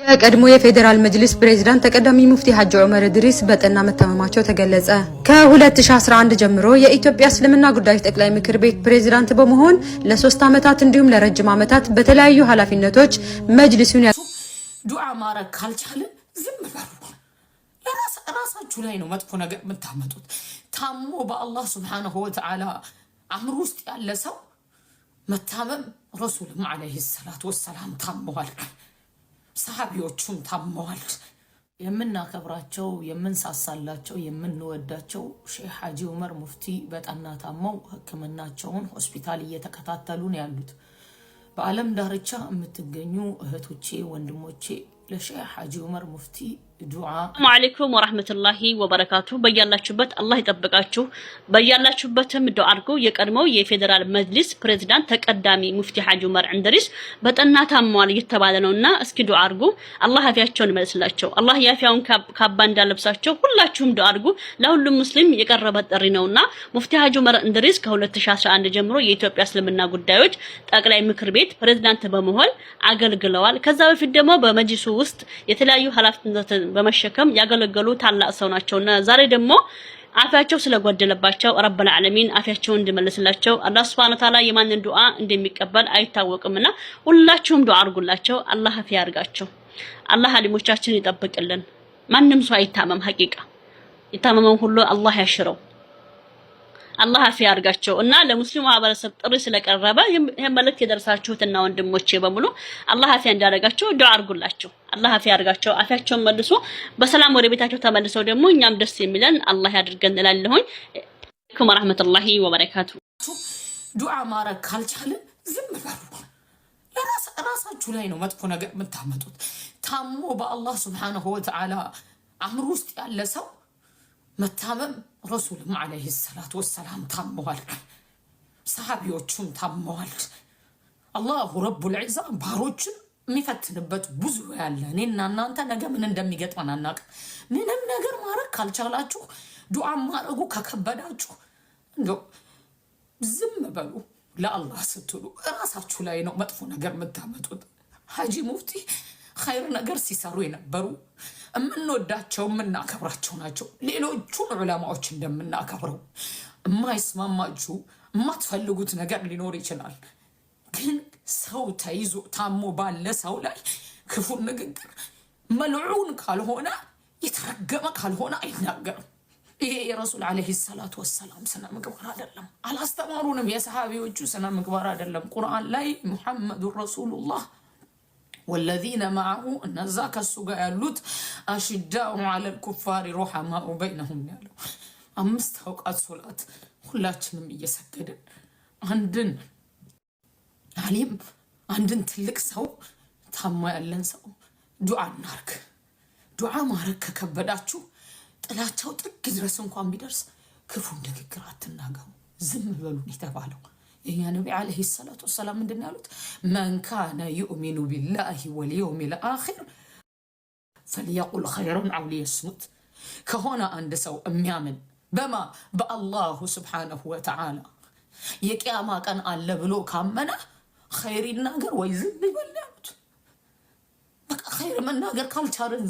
የቀድሞ የፌዴራል መጅሊስ ፕሬዝዳንት ተቀዳሚ ሙፍቲ ሀጂ ዑመር እድሪስ በጠና መታመማቸው ተገለጸ። ከ2011 ጀምሮ የኢትዮጵያ እስልምና ጉዳዮች ጠቅላይ ምክር ቤት ፕሬዝዳንት በመሆን ለሶስት ዓመታት እንዲሁም ለረጅም ዓመታት በተለያዩ ኃላፊነቶች መጅሊሱን ዱዓ ማድረግ ካልቻለ ዝም በሉ። ራሳችሁ ላይ ነው መጥፎ ነገር የምታመጡት። ታሞ በአላህ ስብሓነሁ ወተዓላ አእምሮ ውስጥ ያለ ሰው መታመም ረሱልም ዓለይሂ ሰላት ወሰላም ታመዋል። ሳቢዎቹም ታመዋል። የምናከብራቸው የምንሳሳላቸው የምንወዳቸው ሼህ ሐጂ ዑመር ሙፍቲ በጠና ታመው ሕክምናቸውን ሆስፒታል እየተከታተሉ ነው ያሉት። በዓለም ዳርቻ የምትገኙ እህቶቼ ወንድሞቼ ለሼህ ሐጂ ዑመር ሙፍቲ ዱዓ። ሰላሙ አለይኩም ወራህመቱላሂ ወበረካቱ። በያላችሁበት አላህ ይጠብቃችሁ። በያላችሁበትም ዱዓ አድርጉ። የቀድሞው የፌዴራል መጅሊስ ፕሬዝዳንት ተቀዳሚ ሙፍቲ ሐጂ ዑመር እንድሪስ በጠና ታመዋል እየተባለ ነውና እስኪ ዱዓ አድርጉ። አላህ ያፊያቸውን ይመልስላቸው። አላህ ያፊያውን ካባ እንዳለብሳቸው ሁላችሁም ዱዓ አድርጉ። ለሁሉም ሙስሊም የቀረበ ጥሪ ነውና ሙፍቲ ሐጂ ዑመር እንድሪስ ከ2011 ጀምሮ የኢትዮጵያ እስልምና ጉዳዮች ጠቅላይ ምክር ቤት ፕሬዝዳንት በመሆን አገልግለዋል። ከዛ በፊት ደግሞ በመጅሊሱ ውስጥ የተለያዩ ኃላፊነትን በመሸከም ያገለገሉ ታላቅ ሰው ናቸውና ዛሬ ደግሞ አፊያቸው ስለጎደለባቸው ረበል ዓለሚን አፊያቸውን እንድመልስላቸው አላህ ሱብሓነሁ ወተዓላ የማንን ዱዓ እንደሚቀበል አይታወቅምና ሁላችሁም ዱዓ አድርጉላቸው። አላህ አፊያ ያርጋቸው። አላህ አሊሞቻችን ይጠብቅልን። ማንም ሰው አይታመም። ሐቂቃ የታመመው ሁሉ አላህ ያሽረው። አላህ አፊያ አድርጋቸው እና ለሙስሊሙ ማህበረሰብ ጥሪ ስለቀረበ ይሄን መልእክት የደረሳችሁትና ወንድሞቼ በሙሉ አላህ አፊያ እንዳደረጋቸው ዱዓ አድርጉላቸው። አላህ አፊያ አድርጋቸው፣ አፊያቸውን መልሶ በሰላም ወደ ቤታቸው ተመልሰው ደግሞ እኛም ደስ የሚለን አላህ ያድርገን እላለሁኝ። አለይኩም ወራህመቱላሂ ወበረካቱ። ዱዓ ማድረግ ካልቻልን ዝም በሉ። ራሳችሁ ላይ ነው መጥፎ ነገር የምታመጡት። ታሞ በአላህ ሱብሓነሁ ወተዓላ አምር ውስጥ ያለ ሰው መታመም ረሱልም ዓለይሂ ሰላት ወሰላም ታመዋል። ሰሃቢዎቹም ታመዋል። አላሁ ረቡል ዒዛ ባሮችን የሚፈትንበት ብዙ ያለ። እኔና እናንተ ነገ ምን እንደሚገጥመን አናውቅም። ምንም ነገር ማድረግ ካልቻላችሁ፣ ዱዓም ማድረጉ ከከበዳችሁ እንደው ዝም በሉ። ለአላህ ስትሉ እራሳችሁ ላይ ነው መጥፎ ነገር የምታመጡት። ሀጂ ሙፍቲ ኸይር ነገር ሲሰሩ የነበሩ የምንወዳቸው የምናከብራቸው ናቸው። ሌሎቹን ዑለማዎች እንደምናከብረው የማይስማማችሁ የማትፈልጉት ነገር ሊኖር ይችላል። ግን ሰው ተይዞ ታሞ ባለ ሰው ላይ ክፉ ንግግር መልዑን ካልሆነ የተረገመ ካልሆነ አይናገርም። ይሄ የረሱል ዓለይሂ ሰላቱ ወሰላም ስነ ምግባር አይደለም። አላስተማሩንም። የሰሃቢዎቹ ስነ ምግባር አይደለም። ቁርአን ላይ ሙሐመዱን ረሱሉላህ ወለዚነ ማዐሁ እነዛ ከሱ ጋር ያሉት አሽዳኡ ዐለል ኩፋሪ ሩሐማኡ በይነሁም ያለው አምስት አውቃት ሶላት ሁላችንም እየሰገድን አንድን አሊም አንድን ትልቅ ሰው ታማ ያለን ሰው ዱዓ እናርግ። ዱዓ ማድረግ ከከበዳችሁ ጥላቸው ጥግ ድረስ እንኳን ቢደርስ ክፉ ንግግር አትናገሩ፣ ዝም በሉን የተባለው የኛ ነቢ ዓለይሂ ሰላቱ ወሰላም ምንድን ያሉት? መንካነ ዩእሚኑ ቢላሂ ወልየውም ልአኪር ፈልየቁል ኸይረን አው ሊየስሙት። ከሆነ አንድ ሰው የሚያምን በማ በአላሁ ስብሓነሁ ወተዓላ የቅያማ ቀን አለ ብሎ ካመነ ኸይር ይናገር ወይ ዝም ይበል ያሉት። በቃ ኸይር መናገር ካልቻለ